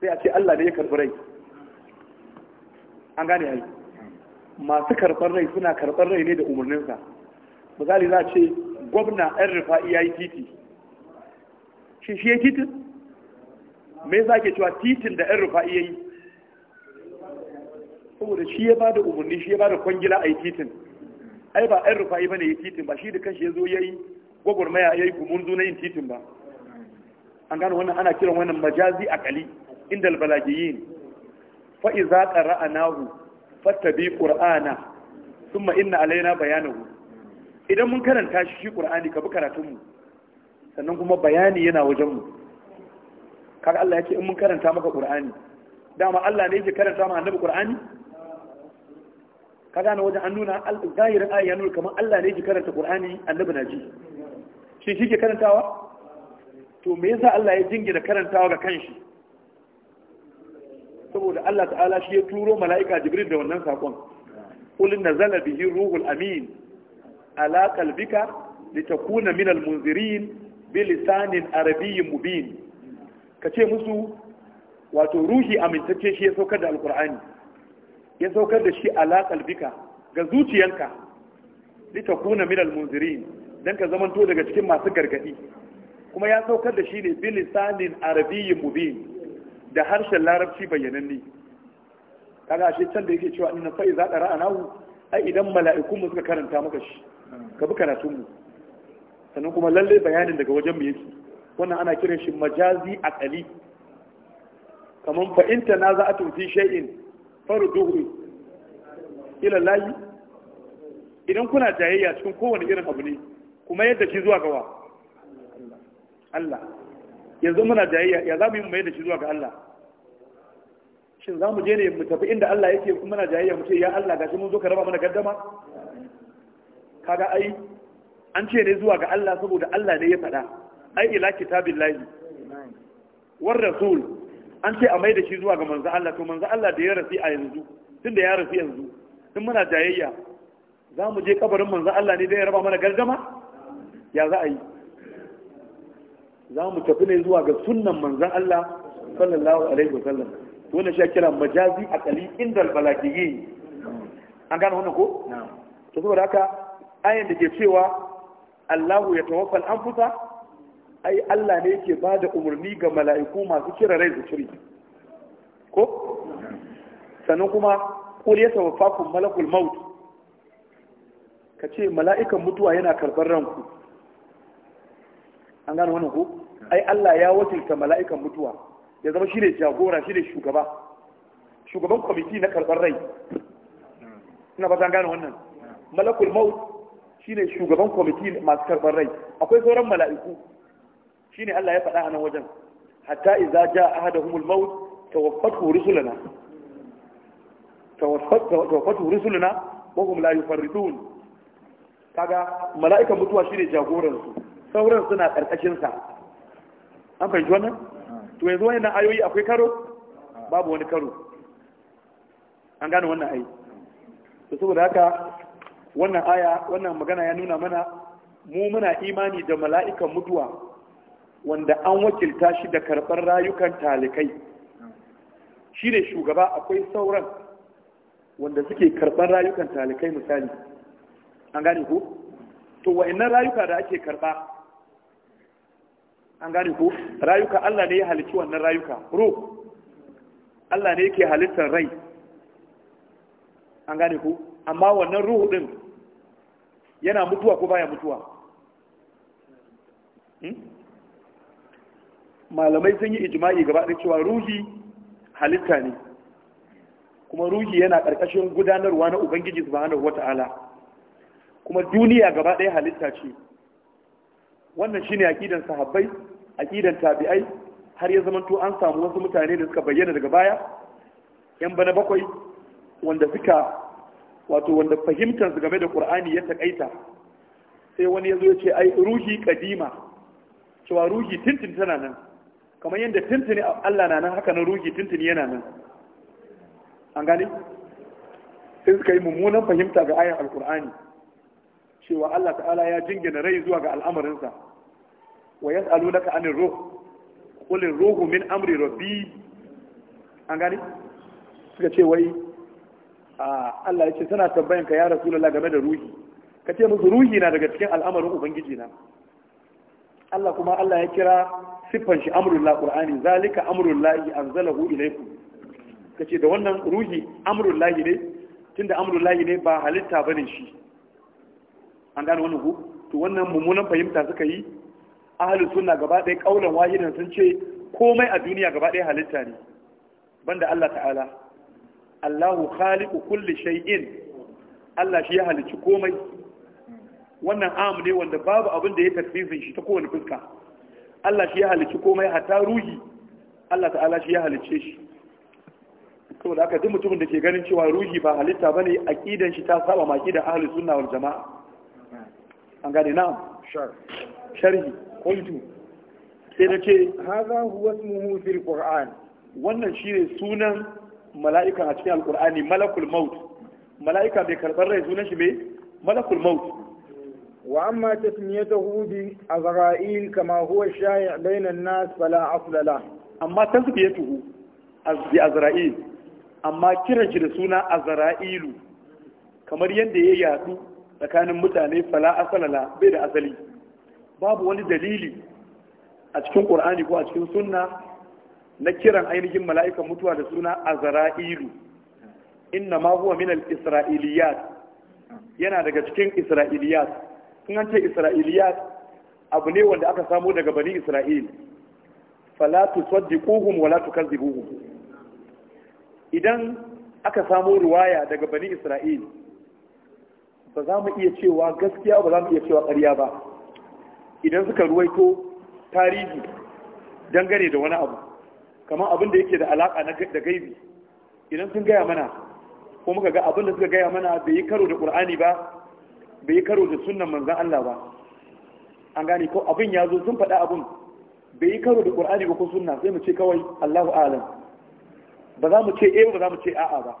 sai a ce Allah ne ya rai. an gane ai masu karfar rai suna karfar rai ne da umarninsa misali za a ce gwamna ɗan rufa'i ya yi titi shi shi ya titin me za ke cewa titin da ɗan rufa'i ya yi saboda shi ya ba da umarni shi ya ba da kwangila a yi titin ai ba ɗan rufa'i ba ne yi titin ba shi da kanshi ya zo ya yi gwagwarmaya ya yi zo na yin titin ba an gano wannan ana kiran wannan majazi akali inda albalagiyin fa iza qara'anahu fattabi qur'ana thumma inna alaina bayanahu idan mun karanta shi shi qur'ani ka bi karatun mu sannan kuma bayani yana wajen mu kaga Allah yake in mun karanta maka qur'ani dama Allah ne yake karanta ma annabi qur'ani ka gane wajen an nuna zahirin ayi ya nuna kamar Allah ne ke karanta Qur'ani annabi na ji shi shi ke karantawa to me yasa Allah ya jingina karantawa ga kanshi saboda Allah ta'ala shi ya turo mala'ika Jibril da wannan sakon qul nazala bihi ruhul amin ala qalbika litakuna min munzirin, bi lisanin arabiyyin mubin kace musu wato ruhi amintacce shi ya saukar da alqur'ani ya saukar da shi ala bika ga zuciyanka kuna min munziri dan ka zamanto daga cikin masu gargadi kuma ya saukar da shi ne bil lisanin mu mubin da harshen larabci bayyananne kaga shi can da yake cewa inna fa iza qara'nahu ai idan mala'ikun mu suka karanta maka shi ka bi karatun sannan kuma lalle bayanin daga wajen mu yake wannan ana kiran shi majazi aqali kaman na za a fi shay'in farduhu ila layi idan kuna jayayya cikin kowane irin abu ne kuma yadda shi zuwa ga Allah yanzu muna jayayya ya za mu yi mai yadda shi zuwa ga Allah shin za mu je ne mu tafi inda Allah yake kuma muna jayayya mu ce ya Allah gashi mun zo ka raba mana gaddama kaga ai an ce ne zuwa ga Allah saboda Allah ne ya faɗa ai ila kitabillahi war rasul an ce a mai da shi zuwa ga manzo Allah to manzo Allah da ya rasu a yanzu tun da ya rasu yanzu tun muna jayayya za mu je kabarin manzo Allah ne don ya raba mana gargama ya za a yi za mu tafi ne zuwa ga sunnan manzan Allah sallallahu alaihi wasallam to wannan shi kira majazi akali indal balagiyi an gane wannan ko to saboda haka ayan da ke cewa Allahu ya an anfusa ai Allah ne yake ba da umarni ga mala'iku masu kira rai da ciri ko sannan kuma kul ya tawaffakum malakul maut ka ce mala'ikan mutuwa yana karɓar ranku an gano wannan ko ai Allah ya wakilta mala'ikan mutuwa ya zama shi ne jagora shi ne shugaba shugaban kwamiti na karɓar rai ina ba ta gano wannan malakul maut shi ne shugaban kwamiti masu karɓar rai akwai sauran mala'iku shine Allah ya faɗa a nan wajen hatta idza jaa ahaduhumul maut tawaffatu rusulana tawaffatu rusulana wa hum la yufarridun kaga mala'ikan mutuwa shine jagoran su sauran suna karkashin sa an fahimci wannan to yanzu wannan ayoyi akwai karo babu wani karo an gane wannan ayi to saboda haka wannan aya wannan magana ya nuna mana mu muna imani da mala'ikan mutuwa wanda an wakilta shi da karɓar rayukan talikai shi ne shugaba akwai sauran wanda suke karɓar rayukan talikai misali an gane ku? to wa'annan rayuka da ake karɓa an gane ku? rayuka Allah ne ya halicci wannan rayuka ro Allah ne yake halittar rai an gane ku? amma wannan ruhu din yana mutuwa ko baya mutuwa hmm? malamai sun yi ijma'i gaba da cewa ruhi halitta ne kuma ruhi yana ƙarƙashin gudanarwa na ubangiji subhanahu wata'ala kuma duniya gaba ɗaya halitta ce wannan shine aqidan sahabbai aqidan tabi'ai har ya zamanto an samu wasu mutane da suka bayyana daga baya yan bana bakwai wanda suka wato wanda fahimtar su game da qur'ani ya takaita sai wani yazo ya ce ai ruhi kadima cewa ruhi tintin tana nan kamar yadda tuntuni Allah na nan haka na ruhi tuntuni yana nan an gani sai suka yi mummunan fahimta ga ayar alkur'ani cewa Allah ta'ala ya jingina rai zuwa ga al'amarinsa wa ya yas'alunaka anir ruh kulin ruhu min amri rabbi an gani suka ce wai Allah ya ce suna tambayan ka ya rasulullah game da ruhi ka ce musu ruhi na daga cikin al'amarin ubangiji na Allah kuma Allah ya kira siffan shi amrullah qur'ani zalika amrullahi anzalahu ilaykum kace da wannan ruhi amrullahi ne tunda amrullahi ne ba halitta bane shi an gane wannan ku to wannan mummunan fahimta suka yi ahli sunna gaba ɗaya kaulan wahidan sun ce komai a duniya gaba ɗaya halitta ne banda Allah ta'ala Allahu khaliqu kulli shay'in Allah shi ya halicci komai wannan am ne wanda babu abin da ya tafsirin shi ta kowane fuska Allah shi ya halicci komai hatta ruhi Allah ta'ala shi ya halicce shi da aka duk mutumin da ke ganin cewa ruhi ba halitta bane aqidan shi ta saba ma aqidan ahli sunna wal jamaa an gane na'am sharhi qultu sai na ce hadha huwa ismuhu fil qur'an wannan shine sunan mala'ika a cikin alqur'ani malakul maut mala'ika bai karbar rai sunan shi bai malakul maut وأما تسميته بأزرائيل كما هو الشائع بين الناس فلا أصل له أما تسميته بأزرائيل أما كرج رسولنا أزرائيل كما يندي يأتو لكان متاني فلا أصل له بيد أصلي باب ولي دليلي أتكون قرآني كو أتكون سنة نكرا أينجم ملائكة متوى رسولنا أزرائيل إنما هو من الإسرائيليات yana daga cikin isra'iliyat sun an ce isra'iliyat abu ne wanda aka samo daga bani isra'il fala tusaddiquhum wala tukazzibuhum idan aka samo ruwaya daga bani isra'il ba za mu iya cewa gaskiya ba za mu iya cewa ƙarya ba idan suka ruwaito tarihi dangane da wani abu kamar abin da yake da alaƙa da gaibi idan sun gaya mana ko muka ga abin da suka gaya mana bai yi karo da ƙur'ani ba bai yi karo da sunan manzan Allah ba an gane ko abin ya zo sun faɗa abin bai yi karo da ƙur'ani ko sunna sai mu ce kawai Allahu a'lam ba za mu ce eh ba za mu ce a'a ba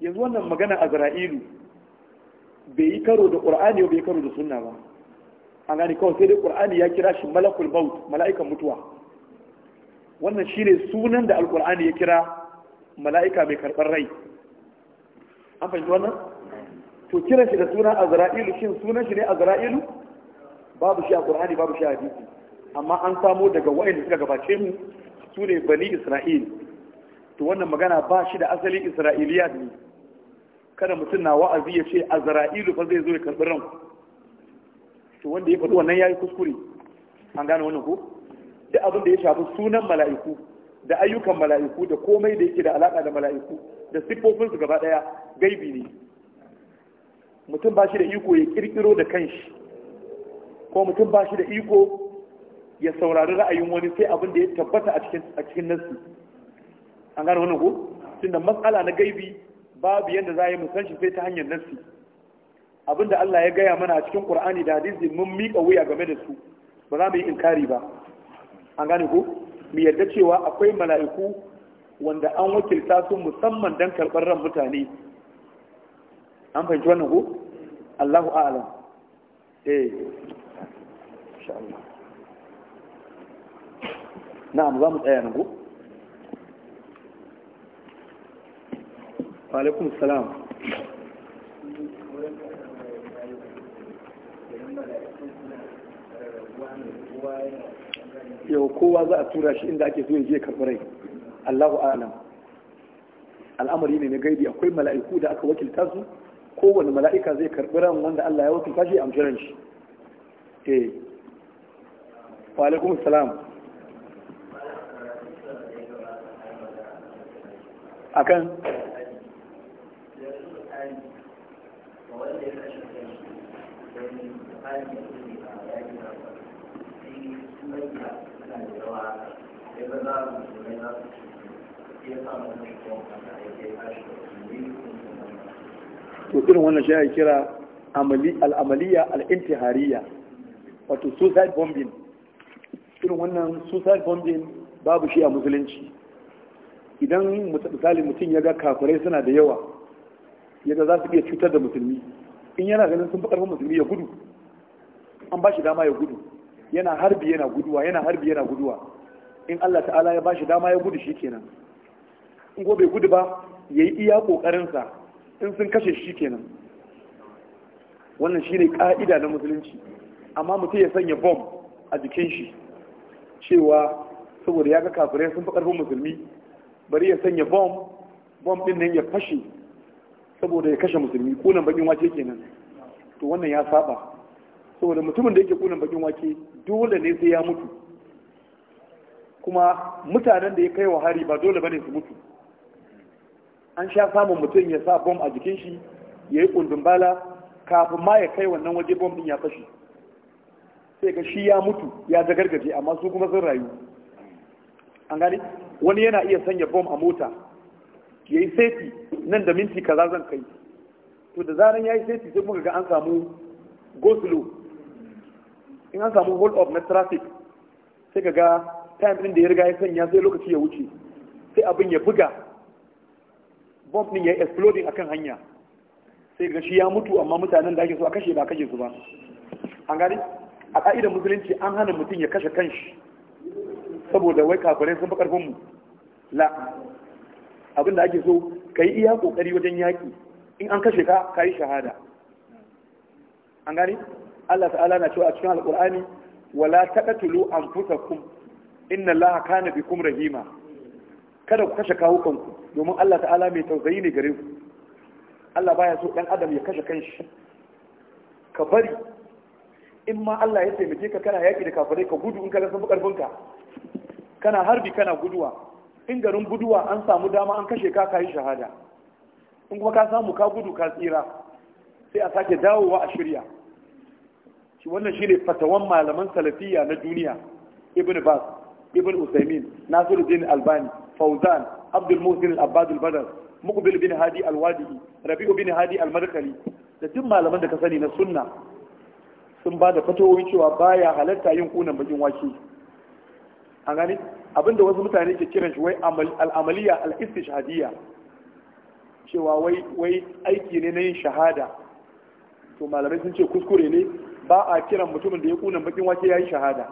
yanzu wannan magana Azra'ilu bai yi karo da ƙur'ani bai yi karo da sunna ba an gane kawai sai dai ƙur'ani ya kira shi malakul baut mala'ikan mutuwa wannan shine sunan da alƙur'ani ya kira mala'ika mai karɓar rai an fahimci wannan to kiran shi da sunan azra'ilu shin sunan shi ne azra'ilu babu shi a qur'ani babu shi a hadisi amma an samo daga wa'anda suka gabace mu su ne bani isra'il to wannan magana ba shi da asali isra'iliya ne kada mutum na wa'azi ya ce azra'ilu fa zai zo ya karɓi ran to wanda ya faɗi wannan yayi kuskure an gane wannan ko duk abin da ya shafi sunan mala'iku da ayyukan mala'iku da komai da yake da alaka da mala'iku da siffofin su gaba daya gaibi ne mutum ba shi da iko ya kirkiro da kanshi ko mutum ba shi da iko ya saurari ra'ayin wani sai abin da ya tabbata a cikin nasu an gane wani ko tunda matsala na gaibi babu yadda za a yi musan shi sai ta hanyar nasu da Allah ya gaya mana a cikin ƙur'ani, da hadisi mun mika wuya game da su ba za mu yi inkari ba an gane ko mu yarda cewa akwai mala'iku wanda an wakilta su musamman dan karɓar ran mutane an fahimci wannan ko الله a'lam eh insha شاء na'am za mu tsaya نقول وعليكم السلام yau kowa za a tura shi inda ake zuwa ya je karɓi rai Allahu a'lam al'amari ne na gaibi akwai mala'iku da aka wakilta su kowane mala'ika zai karɓi ran wanda Allah ya wakilta shi a amshiran shi eh wa alaikum salam akan Thank you. to irin wannan shi ya kira al'amaliya al'intihariya wato suicide bombing irin wannan suicide bombing babu shi a musulunci idan misali mutum ya ga kafirai suna da yawa yadda za su iya cutar da musulmi in yana ganin sun fi ƙarfin musulmi ya gudu an ba shi dama ya gudu yana harbi yana guduwa yana harbi yana guduwa in Allah ta'ala ya ba shi dama ya gudu shi kenan in ko bai gudu ba ya yi iya ƙoƙarinsa in sun kashe shi kenan wannan shi ne ƙa'ida na musulunci amma mutum ya sanya bom a jikin shi cewa saboda ya ga kafirai sun fi ƙarfin musulmi bari ya sanya bom bom ɗin nan ya fashe saboda ya kashe musulmi kunan bakin wake kenan to wannan ya saba saboda mutumin da yake kunan bakin wake dole ne sai ya mutu kuma mutanen da ya kai wa hari ba dole bane su mutu an sha samun mutum ya sa bom a jikin shi ya yi kundin bala kafin ma ya kai wannan waje bom din ya fashi sai ga shi ya mutu ya zagargaje amma su kuma sun rayu an gani wani yana iya sanya bom a mota ya yi seti nan da minti kaza zan kai to da zaran ya yi seti sai muka ga an samu go slow in an samu hold up na traffic sai ka ga time din da ya riga ya sanya sai lokaci ya wuce sai abin ya buga bomb din ya exploding akan hanya sai ga shi ya mutu amma mutanen da ake so a kashe ba kashe su ba an gani a ka'idar musulunci an hana mutum ya kashe kanshi saboda wai kafirai sun fi karfin mu la abin da ake so ka yi iya kokari wajen yaki in an kashe ka ka yi shahada an gani Allah ta'ala na cewa a cikin alƙur'ani wala taqtulu anfusakum inna allaha kana bikum rahima kada ku kashe kawo kanku domin Allah ta'ala mai tausayi ne gare ku Allah baya so dan adam ya kashe kanshi ka bari in ma Allah ya taimake ka kana yaki da kafirai ka gudu in ka san Ka kana harbi kana guduwa in garin guduwa an samu dama an kashe ka kayi shahada in kuma ka samu ka gudu ka tsira sai a sake dawowa a shirya shi wannan shine fatawan malaman salafiya na duniya ibn bas ibn usaimin nasiruddin albani فوزان عبد المحسن العباد البدر مقبل بن هادي الوادي ربيع بن هادي المدخلي da duk malaman da ka sani na sunna sun ba da fatowin cewa baya halatta yin kunan bakin wake an gani abinda wasu mutane ke kiran shi wai al'amaliya al'istishhadiyya cewa wai wai aiki ne na yin shahada to malamai sun ce kuskure ne ba a kiran mutumin da ya kunan bakin wake yi shahada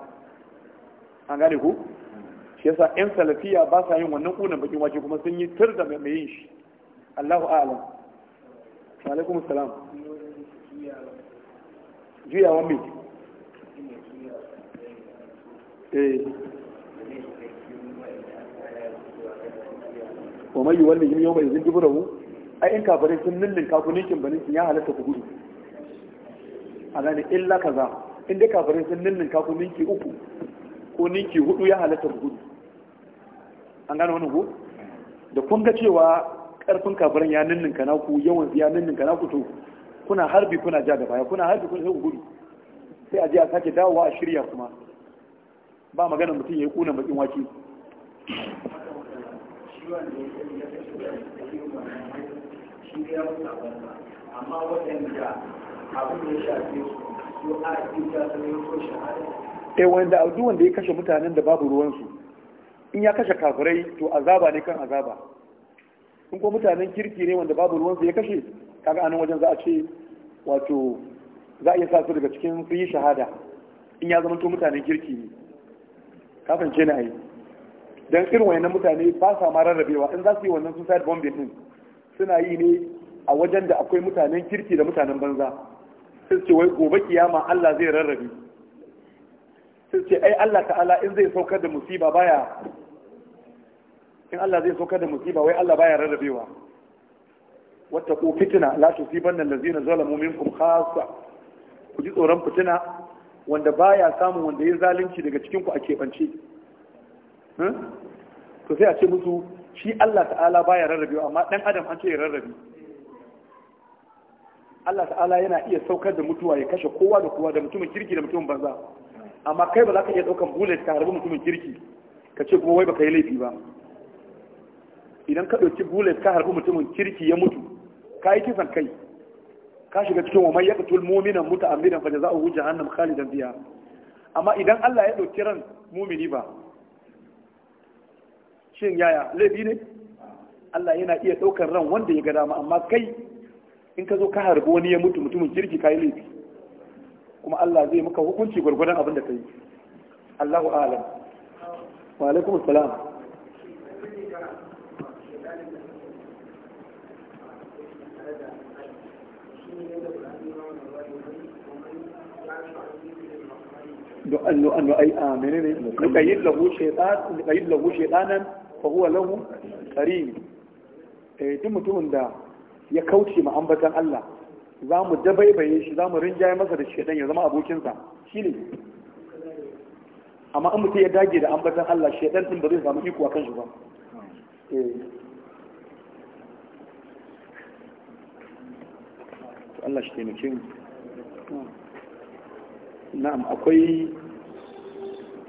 an gane ku shi yasa yan salafiya ba sa yin wannan kunan bakin wake kuma sun yi tur da mai yin shi Allahu a'lam alaikum Juya juyawan mai eh wa mai wanda lijin yau mai zin duburahu ai in kafirai sun nullin kakunikin sun ya halatta ku gudu a gane illa kaza in dai kafirai sun nullin ki uku ko ninki hudu ya halatta ku gudu an gane wani hu? da kun ga cewa karfin kafiran ya ninninka naku yawan ya ninninka naku to kuna harbi kuna ja gaba kuna harbi kuna sai gudu sai a ji a sake dawowa a shirya kuma ba magana mutum ya yi kuna bakin wake amma waɗanda abin ya shafe su a yi ta sun ko shahada eh wanda duk wanda ya kashe mutanen da babu ruwansu in ya kashe kafirai to azaba ne kan azaba in ko mutanen kirki ne wanda babu ruwansu ya kashe kaga anan wajen za a ce wato za a iya sa su daga cikin sun yi shahada in ya zama to mutanen kirki ne kafin ce na yi don irin wayannan mutane ba sa ma rarrabewa in za su yi wannan suicide bombing din suna yi ne a wajen da akwai mutanen kirki da mutanen banza sai ce wai gobe kiyama Allah zai rarrabe sai ce ai Allah ta'ala in zai saukar da musiba baya in Allah zai saukar da musiba wai Allah baya rarrabewa wata ko fitina la tusibanna allazina zalamu minkum khassa ku ji tsoron fitina wanda baya samun wanda ya zalunci daga cikin ku a keɓance hmm? to sai a ce musu shi Allah ta'ala baya rarrabewa amma dan adam an ce ya rarrabe Allah ta'ala yana iya saukar da mutuwa ya kashe kowa da kowa da mutumin kirki da mutumin banza amma kai ba za ka iya daukan bullet ka harbi mutumin kirki ka ce kuma wai baka yi laifi ba idan ka ɗauki bullet ka harbi mutumin kirki ya mutu ka yi kisan kai ka shiga cikin wa mai tul mu'minan muta'ammidan fa jazaohu jahannam khalidan fiha amma idan Allah ya ɗauki ran mumini ba shin yaya laifi ne Allah yana iya ɗaukar ran wanda ya ga dama amma kai in ka zo ka harbi wani ya mutu mutumin kirki ka yi laifi kuma Allah zai maka hukunci gwargwadon abin da ka yi Allahu a'lam wa alaikum assalam أنه أي آمن لقيد له شيطان لقيد له شيطانا فهو له duk mutumin da ya kauce ma ambatan Allah za mu shi masa da ya zama abokinsa amma in mutum ya dage da ambatan Allah ɗin ba samu iko a ba eh. Allah shi taimake mu na'am akwai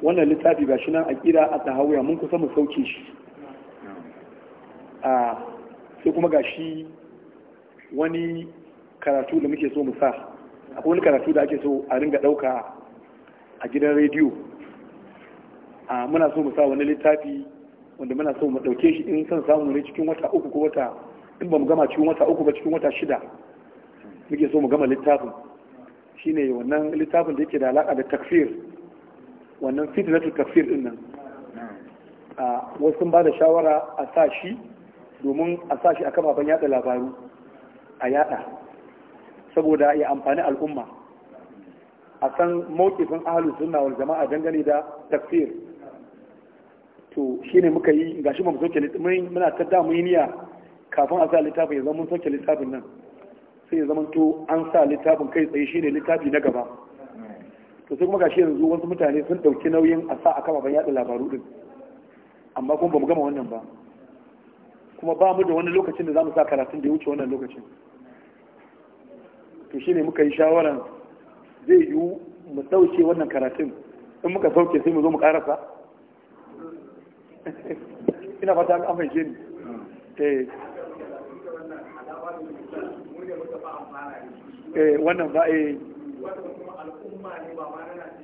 wannan littafi ba shi nan a kira a tahawuya mun kusa mu sauke shi a sai kuma ga shi wani karatu da muke so mu sa akwai wani karatu da ake so a ringa ɗauka a gidan rediyo a muna so mu sa wani littafi wanda muna so mu ɗauke shi in son samu ne cikin wata uku ko wata in ba mu gama cikin wata uku ba cikin wata shida muke so mu gama littafin shine wannan littafin da yake da alaka da takfir wannan fitnatul takfir din nan a wasu ba da shawara a sa shi domin a sa shi a kafafen yada labaru a yada saboda ya amfani al'umma a san mawkifin ahlus sunna wal jama'a dangane da takfir to shine muka yi gashi mu soke muna ta da mu yi niyya kafin a sa littafin ya zama mun soke littafin nan sai ya to an sa littafin kai tsaye shine littafi na gaba to sai kuma gashi yanzu wasu mutane sun ɗauki nauyin a sa a kama ban yada labaru din amma kuma ba mu gama wannan ba kuma ba mu da wani lokacin da za mu sa karatun da ya wuce wannan lokacin to ne muka yi shawaran zai yiwu mu sauke wannan karatun in muka sauke sai mu zo mu karasa ina fata an fahimce ni eh. eh wannan ba eh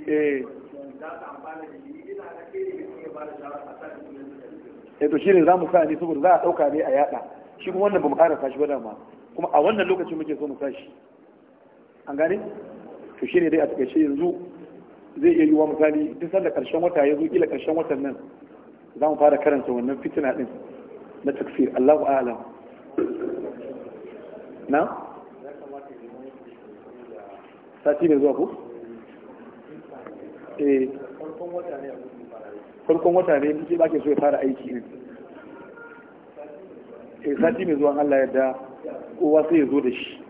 eh, eh to za mu sa ne saboda za a dauka ne a yada shi kuma wannan mu karasa shi ba dama kuma a wannan lokacin muke so mu sa shi an gane to ne dai a takaice yanzu zai iya yiwuwa misali duk sanda karshen wata ya zo kila karshen watan nan za mu fara karanta wannan fitina din na takfir Allahu a'lam na sati mai zuwa ku? eh farkon wata ne mutum ake so ya fara aiki ne eh sati mai zuwa Allah yadda kowa sai ya zo da shi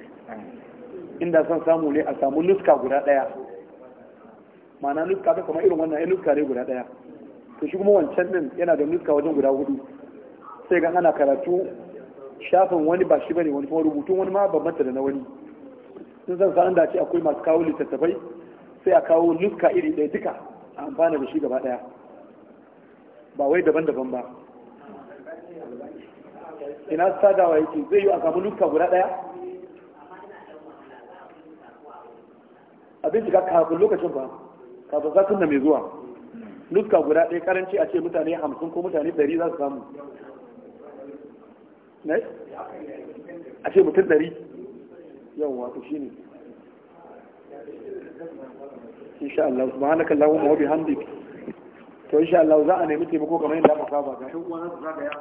inda son samu ne a samu luska guda daya ma'ana luska ta kuma irin wannan ya luska ne guda daya to shi kuma wancan din yana da luska wajen guda hudu sai ga ana karatu shafin wani ba shi bane wani kuma rubutun wani ma babanta da na wani sun zan sa'an da ce akwai masu kawo littattafai sai a kawo nuska iri ɗaya duka a amfana da shi gaba ɗaya ba wai daban-daban ba ina sadawa yake zai yi a samu nuska guda ɗaya abin shiga kafin lokacin ba kafin satun da mai zuwa nuska guda ɗaya karanci a ce mutane hamsin ko mutane ɗari za su samu a ce mutum ɗari yawwa to shine insha Allah subhanaka allahumma wa bihamdik to insha Allah za a nemi taimako kamar yadda aka saba ga yan uwa za su